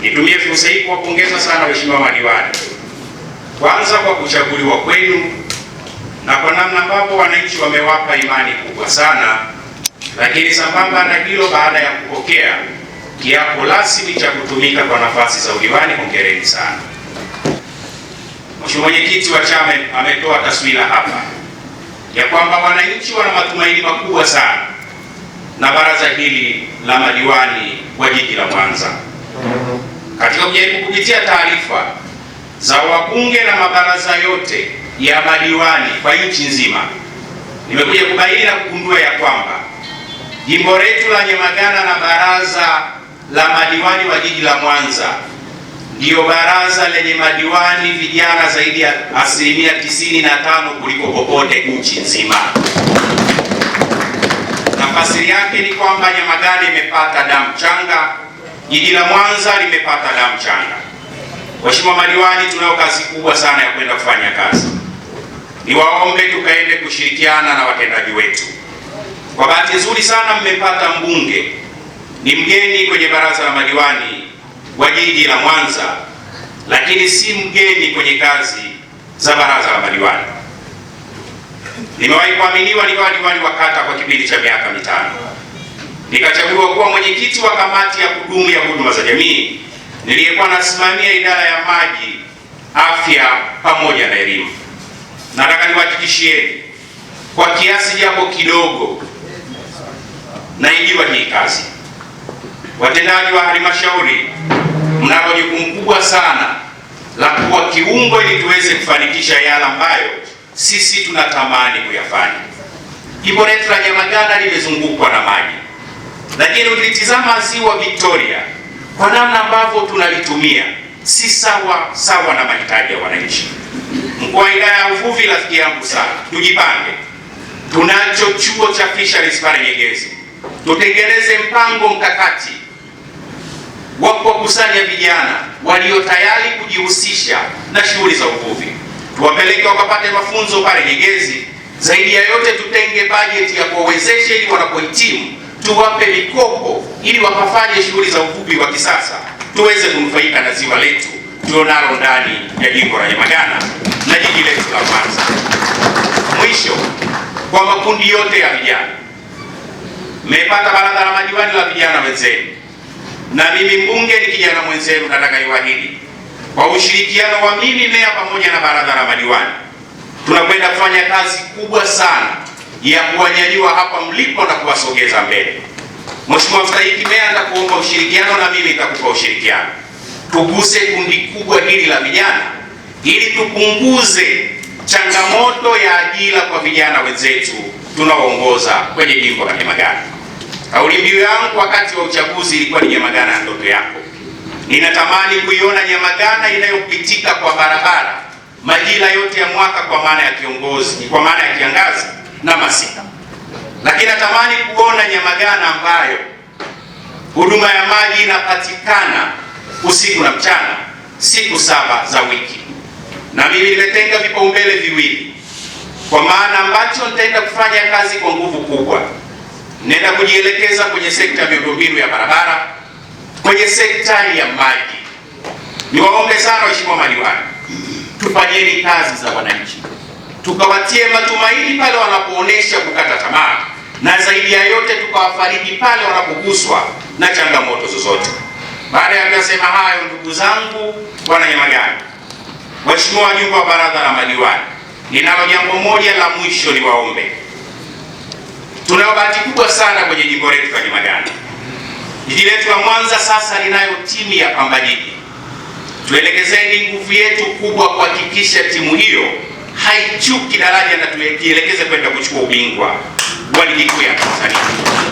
Nitumie fursa hii kuwapongeza sana waheshimiwa madiwani, kwanza kwa kuchaguliwa kwenu na kwa namna ambapo wananchi wamewapa imani kubwa sana, lakini sambamba na hilo, baada ya kupokea kiapo rasmi cha kutumika kwa nafasi za udiwani, hongereni sana. Mheshimiwa mwenyekiti wa chama ametoa taswira hapa ya kwamba wananchi wana matumaini makubwa sana na baraza hili la madiwani wa jiji la Mwanza katika kujaribu kupitia taarifa za wabunge na mabaraza yote ya madiwani kwa nchi nzima, nimekuja kubaini na kugundua ya kwamba jimbo letu la Nyamagana na baraza la madiwani wa jiji la Mwanza ndiyo baraza lenye madiwani vijana zaidi ya asilimia 95 kuliko popote nchi nzima. Nafasi yake ni kwamba Nyamagana imepata damu changa Jiji la Mwanza limepata damu changa. Waheshimiwa madiwani, tunayo kazi kubwa sana ya kwenda kufanya kazi. Niwaombe tukaende kushirikiana na watendaji wetu. Kwa bahati nzuri sana mmepata mbunge ni mgeni kwenye baraza la madiwani wa jiji la Mwanza, lakini si mgeni kwenye kazi za baraza la madiwani. Nimewahi kuaminiwa niwe diwani wa kata kwa kipindi cha miaka mitano nikachaguliwa kuwa mwenyekiti wa kamati ya kudumu ya huduma za jamii niliyekuwa nasimamia idara ya maji, afya pamoja na elimu. Nataka niwahakikishieni kwa kiasi japo kidogo naijua hii kazi. Watendaji wa halmashauri, mnalo jukumu kubwa sana la kuwa kiungo ili tuweze kufanikisha yale ambayo sisi tunatamani kuyafanya. Jimbo letu la Nyamagana limezungukwa na maji lakini ukitizama ziwa Victoria kwa namna ambavyo tunalitumia si sawa sawa na mahitaji ya wananchi. Mkuu wa idara ya uvuvi, rafiki yangu sana, tujipange. Tunacho chuo cha fisheries pale Nyegezi, tutengeneze mpango mkakati wa kuwakusanya vijana walio tayari kujihusisha na shughuli za uvuvi, tuwapeleke wakapate mafunzo pale Nyegezi. Zaidi ya yote, tutenge bajeti ya kuwawezesha ili wanapohitimu tuwape mikopo ili wakafanye shughuli za uvuvi wa kisasa, tuweze kunufaika na ziwa letu tulionalo ndani ya jimbo la Nyamagana na jiji letu la Mwanza. Mwisho, kwa makundi yote ya vijana, mmepata baraza la madiwani la vijana wenzenu, na mimi mbunge ni kijana mwenzenu. Nataka iwahidi kwa ushirikiano wa mimi meya pamoja na baraza la madiwani, tunakwenda kufanya kazi kubwa sana ya kuwanyanyua hapa mlipo na kuwasogeza mbele. Mheshimiwa Mstahiki Meya, nitakuomba ushirikiano na mimi nitakupa ushirikiano, tuguse kundi kubwa hili la vijana ili tupunguze changamoto ya ajira kwa vijana wenzetu tunaoongoza kwenye jimbo la Nyamagana. Kauli mbiu yangu wakati wa uchaguzi ilikuwa ni Nyamagana ya ndoto yako. Ninatamani kuiona Nyamagana inayopitika kwa barabara majira yote ya mwaka, kwa maana ya kiongozi, kwa maana ya kiangazi na masika, lakini natamani kuona Nyamagana ambayo huduma ya maji inapatikana usiku na mchana siku saba za wiki, na mimi nimetenga vipaumbele viwili, kwa maana ambacho nitaenda kufanya kazi kwa nguvu kubwa, nenda kujielekeza kwenye sekta ya miundombinu ya barabara, kwenye sekta ya maji. Niwaombe sana waheshimiwa madiwani, tufanyeni kazi za wananchi tukawatie matumaini pale wanapoonesha kukata tamaa, na zaidi ya yote tukawafariji pale wanapoguswa na changamoto zozote. Baada ya kuyasema hayo, ndugu zangu Wananyamagana, waheshimiwa wajumbe wa baraza la madiwani, ninalo jambo moja la mwisho niwaombe. Tunayo bahati kubwa sana kwenye jimbo letu la Nyamagana. Jiji letu la Mwanza sasa linayo timu ya Pamba Jiji. Tuelekezeni nguvu yetu kubwa kuhakikisha timu hiyo haichuki daraja na tukielekeze kwenda kuchukua ubingwa wa ligi kuu ya Tanzania.